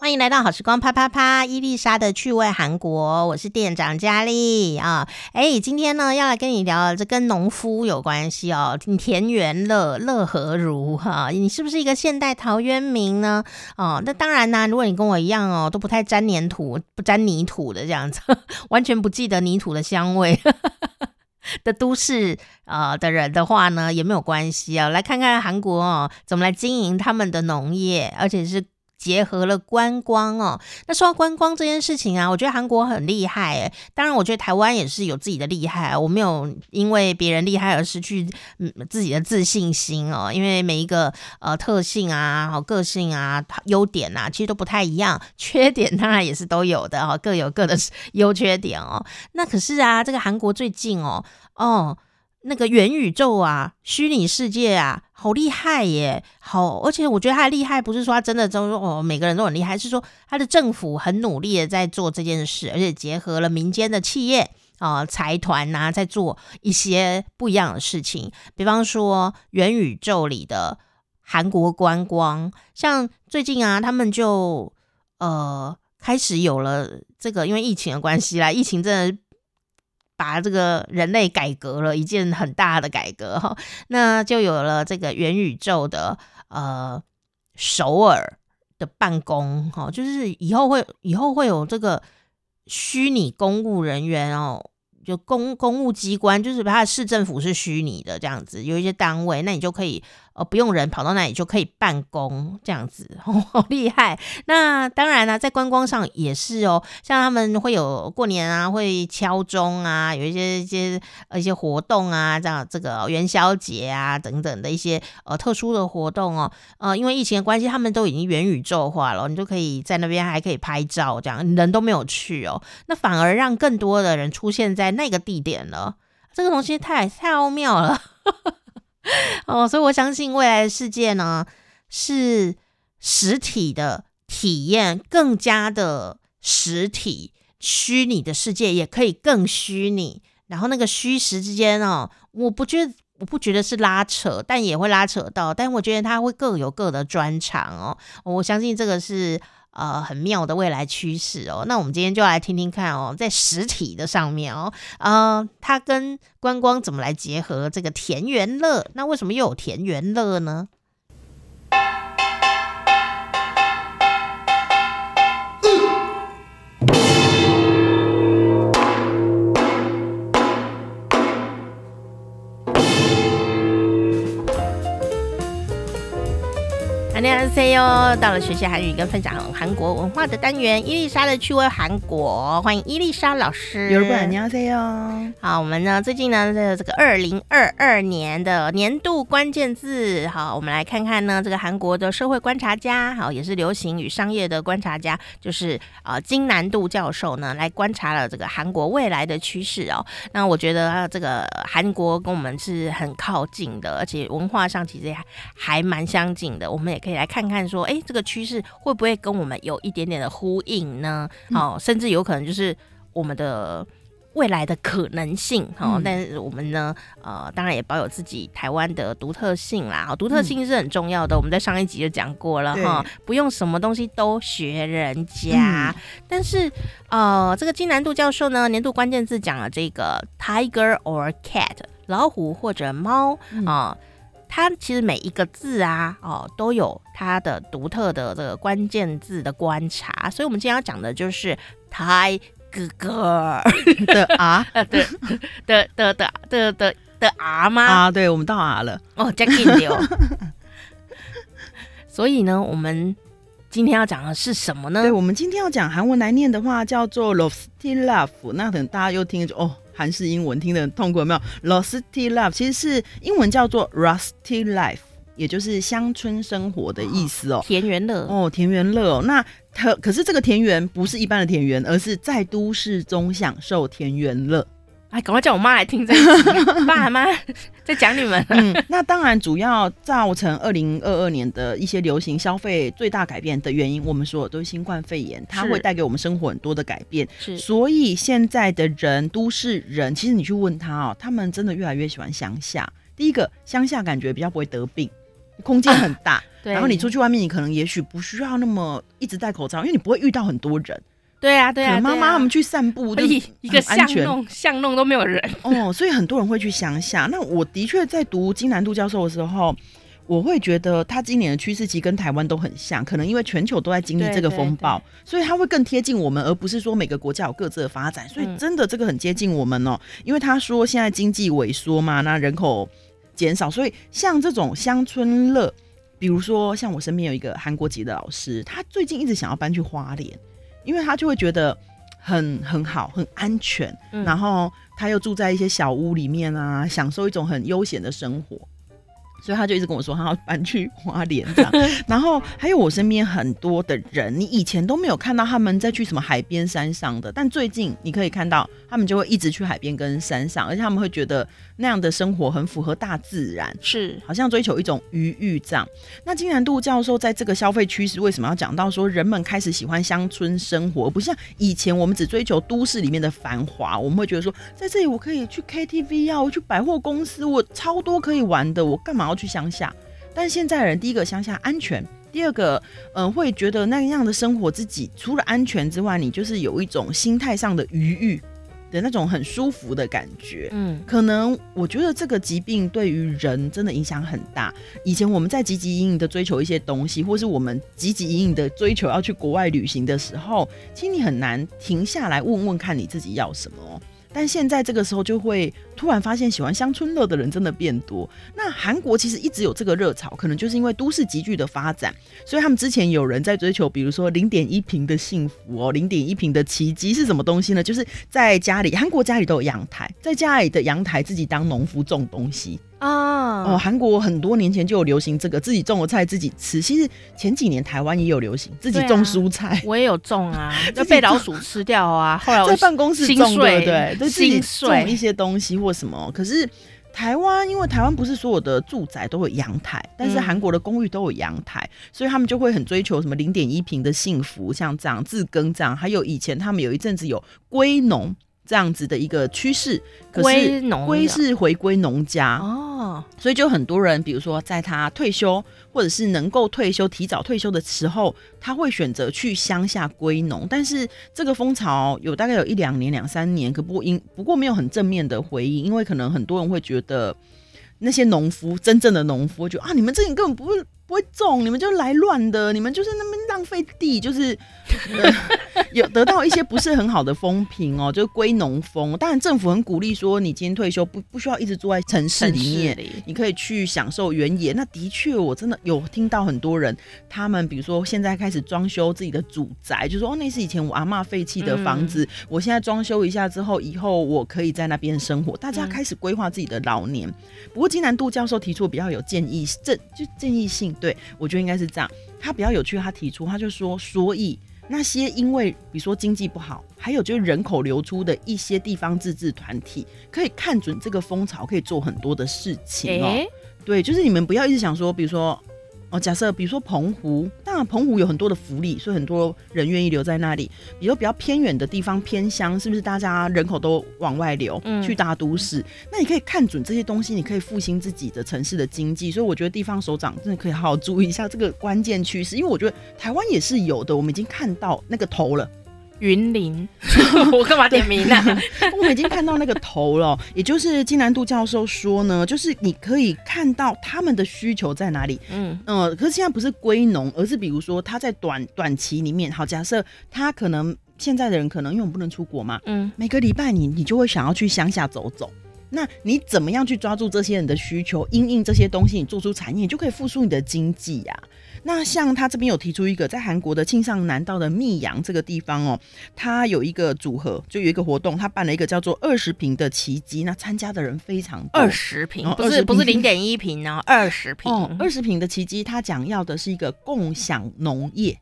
歡迎來到好時光啪啪啪，伊麗莎的趣味韓國，我是店長佳麗啊。哎、哦，今天呢要來跟你聊，聊這跟農夫有關係哦，田園樂樂何如哈、哦？你是不是一個現代陶淵明呢？哦，那當然啦，如果你跟我一樣哦，都不太沾黏土、不沾泥土的這樣子，完全不記得泥土的香味的都市啊的人的話呢，也沒有關係啊、哦。來看看韓國哦，怎麼來經營他們的農業，而且是。結合了觀光哦，那說到觀光這件事情啊，我覺得韓國很厲害耶。當然，我覺得台灣也是有自己的厲害。我沒有因為別人厲害而失去、嗯、自己的自信心哦。因為每一個呃特性啊、好個性啊、優點啊，其實都不太一樣，缺點當然也是都有的哦，各有各的優缺點哦。那可是啊，這個韓國最近哦哦，那個元宇宙啊、虛擬世界啊。好厲害耶！好，而且我覺得他的厲害，不是說他真的都說，就是哦，每個人都很厲害，是說他的政府很努力的在做這件事，而且結合了民間的企業啊、呃、財團吶、啊，在做一些不一樣的事情。比方說，元宇宙裡的韓國觀光，像最近啊，他們就呃開始有了這個，因為疫情的關係啦，疫情真的。把這個人類改革了一件很大的改革哈，那就有了這個元宇宙的呃首爾的辦公哈，就是以後會以後會有這個虛擬公務人員哦，就公公務機關，就是它的市政府是虛擬的這樣子，有一些單位，那你就可以。呃、哦，不用人跑到那裡就可以辦公，這樣子、哦、好厲害。那當然啦、啊，在觀光上也是哦，像他們會有過年啊，會敲鐘啊，有一些一些呃一些活動啊，這樣這個元宵節啊等等的一些呃特殊的活動哦。呃，因為疫情的關係，他們都已經元宇宙化了，你就可以在那邊還可以拍照，這樣人都沒有去哦，那反而讓更多的人出現在那個地點了。這個東西太太奧妙了。哦，所以我相信未來世界呢，是實體的體驗更加的實體，虛擬的世界也可以更虛擬。然後那個虛實之間哦，我不覺得，我不覺得是拉扯，但也會拉扯到。但我覺得它會各有各的專長哦，哦，我相信這個是。呃，很妙的未來趨勢哦。那我們今天就來聽聽看哦，在實體的上面哦，嗯，呃，它跟觀光怎麼來結合？這個田園樂，那為什麼又有田園樂呢？哎呦，到了學習韓語跟分享韓國文化的單元，伊麗莎的趣味韓國，歡迎伊麗莎老師。여러분안녕하세요。好，我們呢最近呢在這個二零二二年的年度關鍵字，好，我們來看看呢這個韓國的社會觀察家，好，也是流行與商業的觀察家，就是啊、呃、金南度教授呢來觀察了這個韓國未來的趨勢哦。那我覺得這個韓國跟我們是很靠近的，而且文化上其實還蠻相近的，我們也可以來看看。看說，哎、欸，這個趨勢會不會跟我們有一點點的呼應呢、嗯？哦，甚至有可能就是我們的未來的可能性哦、嗯。但是我們呢，呃，當然也保有自己台灣的獨特性啦。哦、獨特性是很重要的。嗯、我們在上一集就講過了哈、哦，不用什麼東西都學人家、嗯。但是，呃，這個金南度教授呢，年度關鍵字講了這個 Tiger or Cat，老虎或者貓啊。嗯呃它其實每一個字啊，哦，都有它的獨特的這個關鍵字的觀察，所以我們今天要講的就是泰哥哥的啊，呃、 啊、的的的的的的，的 R 嗎？啊，對，我們到 R 了哦，Jackie 哦。 所以呢，我們今天要講的是什麼呢？對我們今天要講韓文來念的話叫做러스틱라이프，那可能大家又聽就哦。韓式英文聽得很痛苦，有沒有？Lusty Love 其實是英文叫做 Rusty Life，也就是鄉村生活的意思哦，田園樂哦，田園樂哦，哦。那可可是這個田園不是一般的田園，而是在都市中享受田園樂。哎，趕快叫我媽來聽這集，爸媽在講你們、 嗯。那當然，主要造成二零二二年的一些流行消費最大改變的原因，我們說都是新冠肺炎，它會帶給我們生活很多的改變。是。所以現在的人，都市人，其實你去問他哦，他們真的越來越喜歡鄉下。第一個，鄉下感覺比較不會得病，空間很大，啊。對。然後你出去外面，你可能也許不需要那麼一直戴口罩，因為你不會遇到很多人。對啊，對啊，媽媽、啊、他們去散步，一個巷弄巷弄都沒有人哦，所以很多人會去鄉下。那我的確在讀金南度教授的時候，我會覺得他今年的趨勢其實跟台灣都很像，可能因為全球都在經歷這個風暴，對對對對，所以他會更貼近我們，而不是說每個國家有各自的發展。所以真的這個很接近我們哦，因為他說現在經濟萎縮嘛，那人口減少，所以像這種鄉村樂，比如說像我身邊有一個韓國籍的老師，他最近一直想要搬去花蓮。因為他就會覺得很很好，很安全，嗯，然後他又住在一些小屋裡面啊，享受一種很悠閒的生活，所以他就一直跟我說他要搬去花蓮這樣。 然後還有我身邊很多的人，你以前都沒有看到他們再去什麼海邊、山上的，但最近你可以看到他們就會一直去海邊跟山上，而且他們會覺得。那樣的生活很符合大自然，是好像追求一種餘裕。這樣，那金南度教授在這個消費趨勢，為什麼要講到說人們開始喜歡鄉村生活？不像以前我們只追求都市裡面的繁華，我們會覺得說在這裡我可以去 KTV 啊，我去百貨公司，我超多可以玩的，我幹嘛要去鄉下？但現在的人第一個鄉下安全，第二個嗯、呃，會覺得那樣的生活自己除了安全之外，你就是有一種心態上的餘裕。的那種很舒服的感覺，嗯，可能我覺得這個疾病對於人真的影響很大。以前我們在汲汲營營的追求一些東西，或是我們汲汲營營的追求要去國外旅行的時候，其實你很難停下來問問看你自己要什麼。但現在這個時候就會突然發現，喜歡鄉村樂的人真的變多。那韓國其實一直有這個熱潮，可能就是因為都市急劇的發展，所以他們之前有人在追求，比如說零點一平的幸福哦，零點一平的奇蹟是什麼東西呢？就是在家裡，韓國家裡都有陽台，在家裡的陽台自己當農夫種東西。啊、oh, 哦，韓國很多年前就有流行這個自己種的菜自己吃。其實前幾年台灣也有流行自己種蔬菜，啊，我也有種啊，那 被老鼠吃掉啊。 後來有在辦公室種的，水，對，對，就是種一些東西或什麼。可是台灣因為台灣不是所有的住宅都有陽台，但是韓國的公寓都有陽台，嗯，所以他們就會很追求什麼零點一平的幸福，像這樣自耕這樣。還有以前他們有一陣子有歸農。這樣子的一個趨勢，歸農歸是回歸農家哦，所以就很多人，比如說在他退休或者是能夠退休、提早退休的時候，他會選擇去鄉下歸農。但是這個風潮有大概有一兩年、兩三年，可不過因不過沒有很正面的回應，因為可能很多人會覺得那些農夫真正的農夫就啊，你們這些人根本不會。不會種，你們就來亂的，你們就是那麼浪費地，就是、呃、有得到一些不是很好的風評哦， 就是歸農風。當然政府很鼓勵說，你今天退休不不需要一直住在城市裡面，裡你可以去享受原野。那的確我真的有聽到很多人，他們比如說現在開始裝修自己的祖宅，就說哦那是以前我阿嬤廢棄的房子，嗯、我現在裝修一下之後，以後我可以在那邊生活。大家開始規劃自己的老年、嗯。不過金南度教授提出比較有建議，這就建議性。對，我覺得應該是這樣。他比較有趣，他提出，他就說，所以那些因為比如說經濟不好，還有就是人口流出的一些地方自治團體，可以看準這個風潮，可以做很多的事情哦。哦、欸。對，就是你們不要一直想說，比如說。哦，假設比如說澎湖，那澎湖有很多的福利，所以很多人願意留在那裡。比如說比較偏遠的地方、偏鄉，是不是大家人口都往外流，去大都市？嗯，那你可以看準這些東西，你可以復興自己的城市的經濟。所以我覺得地方首長真的可以好好注意一下這個關鍵趨勢，因為我覺得台灣也是有的，我們已經看到那個頭了。雲林， 我幹嘛點名啊？ 我已經看到那個頭了，也就是金南度教授說呢，就是你可以看到他們的需求在哪裡。嗯嗯、呃，可是現在不是歸農，而是比如說他在短短期裡面，好，假設他可能現在的人可能因為我們不能出國嘛，嗯，每個禮拜你你就會想要去鄉下走走。那你怎麼樣去抓住這些人的需求，因應這些東西，你做出產業，你就可以復甦你的經濟呀、啊。那像他這邊有提出一個，在韓國的慶尚南道的密陽這個地方哦，他有一個組合，就有一個活動，他辦了一個叫做二十平的奇蹟。那參加的人非常二十平，不是不是零點一平哦，二十平，二十平的奇蹟，他講要的是一個共享農業。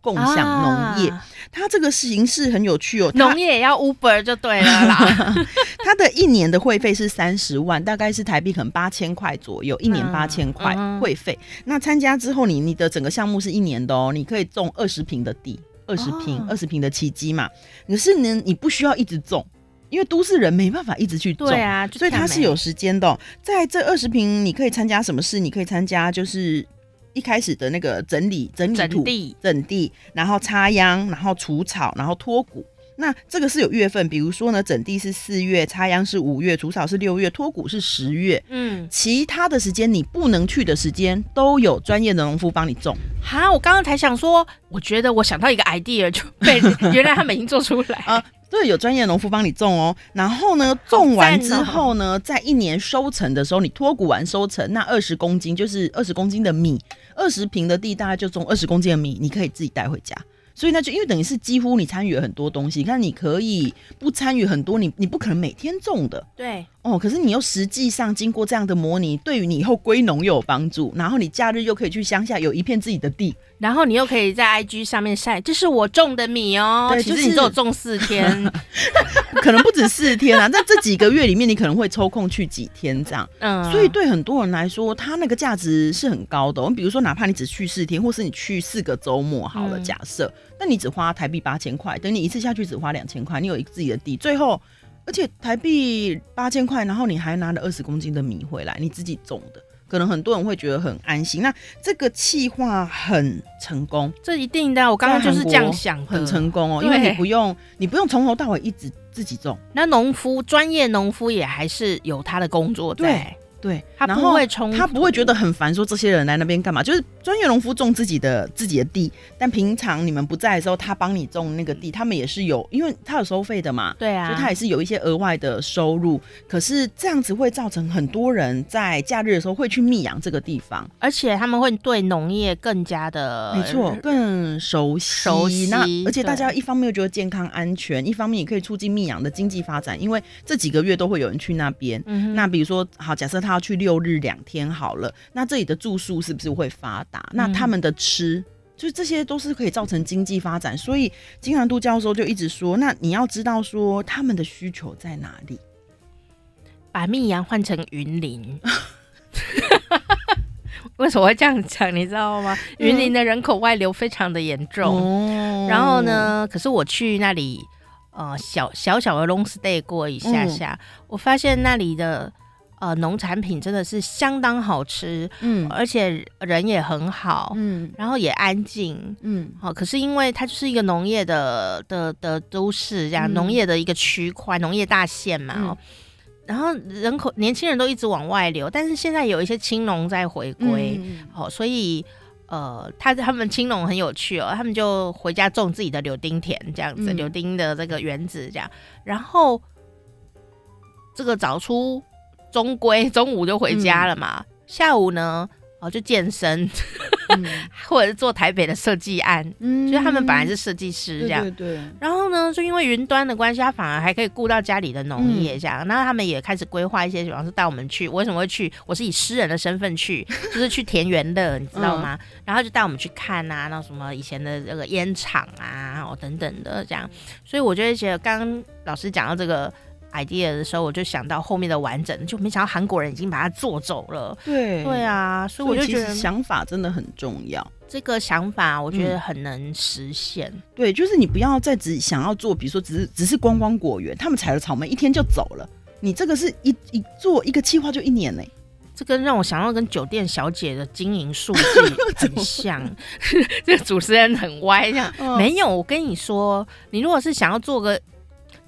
共享農業、啊，它這個形式很有趣哦，農業也要 Uber 就對了啦。 它的一年的會費是三十萬， 大概是台幣可能八千塊左右，嗯、一年八千塊會費、嗯嗯。那參加之後你，你你的整個項目是一年的哦，你可以種二十平的地，二十平二十平的契機嘛。可是呢，你不需要一直種，因為都市人沒辦法一直去種，對啊，所以它是有時間的、哦。在這二十平，你可以參加什麼事？你可以參加就是。一開始的那個整理整理土整地，整地，然後插秧，然後除草，然後脫穀。那這個是有月份，比如說呢，整地是四月，插秧是五月，除草是六月，脫穀是十月。嗯，其他的時間你不能去的時間，都有專業的農夫幫你種。哈，我剛剛才想說，我覺得我想到一個 idea 就被， 原來他們已經做出來。嗯對，有專業的農夫幫你種哦。然後呢，種完之後呢，在一年收成的時候，你脫穀完收成，那二十公斤就是二十公斤的米，二十坪的地大概就種二十公斤的米，你可以自己帶回家。所以呢，就因為等於是幾乎你參與了很多東西，你看你可以不參與很多，你你不可能每天種的，對。哦，可是你又實際上經過這樣的模擬，對於你以後歸農又有幫助，然後你假日又可以去鄉下，有一片自己的地，然後你又可以在 IG 上面曬，這是我種的米哦。對，就是、其實你只有種四天， 可能不止四天啊。在 這幾個月裡面，你可能會抽空去幾天這樣。嗯、啊，所以對很多人來說，它那個價值是很高的，哦。我們比如說，哪怕你只去四天，或是你去四個周末好了，嗯、假設，那你只花台幣八千塊，等你一次下去只花兩千塊，你有一個自己的地，最後。而且台幣八千塊，然後你還拿了二十公斤的米回來，你自己種的，可能很多人會覺得很安心。那這個企劃很成功，這一定的，我剛剛就是這樣想的，很成功哦、喔，因為你不用，你不用從頭到尾一直自己種，那農夫，專業農夫也還是有他的工作。對。對，他不會衝，他不會覺得很煩，說這些人來那邊幹嘛？就是專業農夫種自己的自己的地，但平常你們不在的時候，他幫你種那個地，他們也是有，因為他有收費的嘛，對啊，就他也是有一些額外的收入。可是這樣子會造成很多人在假日的時候會去密陽這個地方，而且他們會對農業更加的沒錯，更熟悉。熟悉。那而且大家一方面又覺得健康安全，一方面也可以促進密陽的經濟發展，因為這幾個月都會有人去那邊。嗯，那比如說，好，假設他。他去六日兩天好了，那這裡的住宿是不是會發達？那他們的吃，嗯、就是這些都是可以造成經濟發展。所以金南度教授就一直說，那你要知道說他們的需求在哪裡。把密陽換成雲林， 為什麼會這樣講？你知道嗎？雲林的人口外流非常的嚴重、嗯。然後呢？可是我去那裡，呃，小小小的 long stay 過一下下，嗯、我發現那裡的。呃，農產品真的是相當好吃，嗯，而且人也很好，嗯，然後也安靜，嗯，好、哦。可是因為它就是一個農業的的的都市，這樣、嗯、農業的一個區塊，農業大縣嘛，嗯、哦。然後人口年輕人都一直往外流，但是現在有一些青農在回歸，嗯、哦，所以呃，他他們青農很有趣哦，他們就回家種自己的柳丁田，這樣子、嗯、柳丁的這個園子，這樣，然後這個找出。中規中午就回家了嘛，嗯、下午呢哦就健身，嗯、或者是做台北的設計案，就、嗯、是他們本來是設計師這樣，對對對，然後呢就因為雲端的關係，他反而還可以顧到家裡的農業這樣。那、嗯、他們也開始規劃一些，比方說帶我們去，我為什麼會去？我是以私人的身份去，就是去田園的， 你知道嗎？嗯、然後就帶我們去看啊，那什麼以前的那個菸廠啊，哦等等的這樣。所以我就覺得，一些剛剛老師講到這個。idea 的時候，我就想到後面的完整，就沒想到韓國人已經把它做走了。對，對啊，所以我就覺得想法真的很重要。這個想法我覺得很能實現。嗯、對，就是你不要再只想要做，比如說只是只是觀光果園，他們採了草莓一天就走了。你這個是一一做一個計劃就一年呢、欸？這跟、個、讓我想要跟酒店小姐的經營數字很像。 這個主持人很歪，這樣、哦、沒有。我跟你說，你如果是想要做個。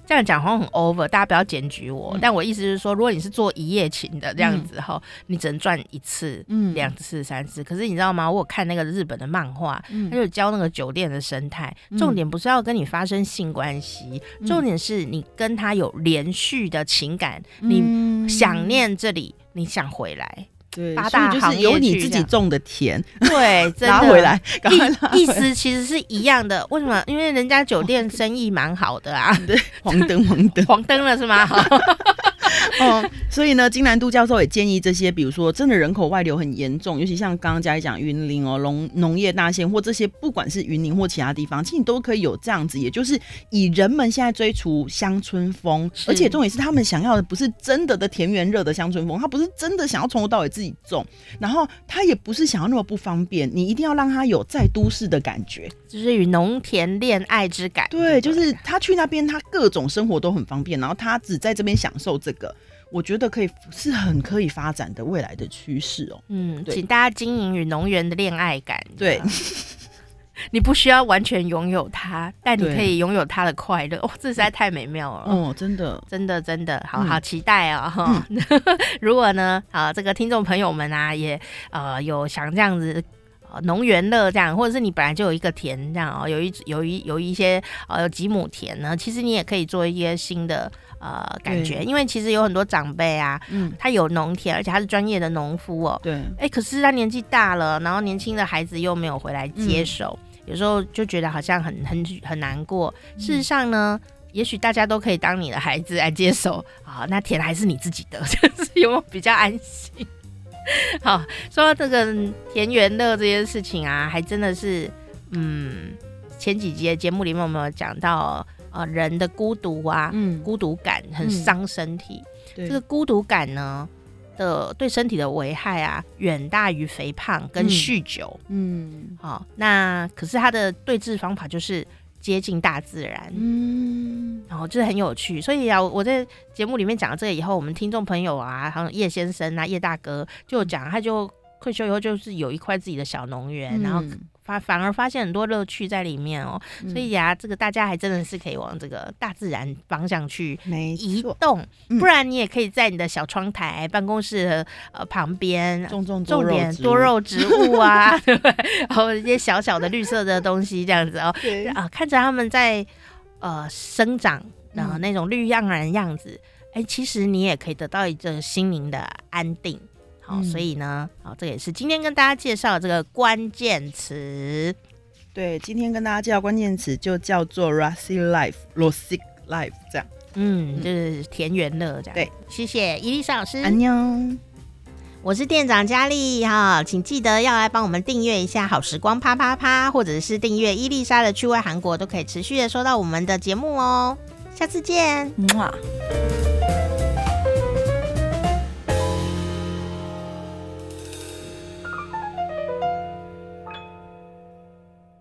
這樣講話很 over，大家不要檢舉我。嗯、但我意思是說，如果你是做一夜情的這樣子哈、嗯，你只能賺一次、兩、嗯、次、三次。可是你知道嗎？我有看那個日本的漫畫，他、嗯、就教那個酒店的生態。重點不是要跟你發生性關係、嗯，重點是你跟他有連續的情感，嗯、你想念這裡，你想回來。八大對，就是有你自己種的田，這樣對，真的一意思其實是一樣的。為什麼？因為人家酒店生意蠻好的啊，對， 黃燈、黃燈 黃燈了是嗎？ 哦、 嗯，所以呢，金南度教授也建議這些，比如說真的人口外流很嚴重，尤其像剛剛佳義講雲林哦、喔，農農業大縣或這些，不管是雲林或其他地方，其實你都可以有這樣子，也就是以人們現在追逐鄉村風，而且重點是他們想要的不是真的的田園熱的鄉村風，他不是真的想要從頭到尾自己種，然後他也不是想要那麼不方便，你一定要讓他有在都市的感覺，就是與農田戀愛之感。對，就是他去那邊，他各種生活都很方便，然後他只在這邊享受這個。我覺得可以是很可以發展的未來的趨勢哦。嗯，請大家經營與農園的戀愛感。對，你不需要完全擁有它，但你可以擁有它的快樂。哦，這實在太美妙了。哦，真的，真的，真的，好好期待啊、哦！哈、嗯， 如果呢，啊，這個聽眾朋友們啊，也呃有想這樣子農園樂這樣，或者是你本來就有一個田這樣哦，有一有一有一些呃有幾畝田呢，其實你也可以做一些新的。呃，感覺、嗯，因為其實有很多長輩啊，嗯，他有農田，而且他是專業的農夫哦、喔，對，哎、欸，可是他年紀大了，然後年輕的孩子又沒有回來接手，嗯、有時候就覺得好像很很很難過、嗯。事實上呢，也許大家都可以當你的孩子來接手啊、嗯，那田還是你自己的，就 是有，有比較安心。 好，說到這個田園樂這件事情啊，還真的是，嗯，前幾集的節目裡面我們有講到。啊、呃，人的孤獨啊，嗯、孤獨感很傷身體、嗯。這個孤獨感呢的對身體的危害啊，遠大於肥胖跟酗酒。嗯，好、嗯哦，那可是他的對治方法就是接近大自然。嗯，然、哦、後就是很有趣。所以啊，我在節目裡面講了這個以後，我們聽眾朋友啊，還有葉先生啊、葉大哥就講，他就退、嗯、休以後就是有一塊自己的小農園、嗯，然後。發反而發現很多樂趣在裡面哦，嗯、所以呀、啊，這個大家還真的是可以往這個大自然方向去移動，嗯、不然你也可以在你的小窗台、嗯、辦公室和呃旁邊種種種，種種，種點多肉植物啊， 對，然、哦、後 一些小小的綠色的東西這樣子哦，啊、呃，看着它們在呃生長，然後那種綠盎然的樣子，哎、嗯欸，其實你也可以得到一種心靈的安定。好、嗯，所以呢，好，這也是今天跟大家介紹的這個關鍵詞。對，今天跟大家介紹的關鍵詞就叫做 rustic life，rustic life，這樣。嗯，就是田園樂這樣。對，謝謝伊麗莎老師。安妞，我是店長佳麗哈、哦，請記得要來幫我們訂閱一下好時光啪啪啪，或者是訂閱伊麗莎的趣味韓國，都可以持續的收到我們的節目哦。下次見。嗯啊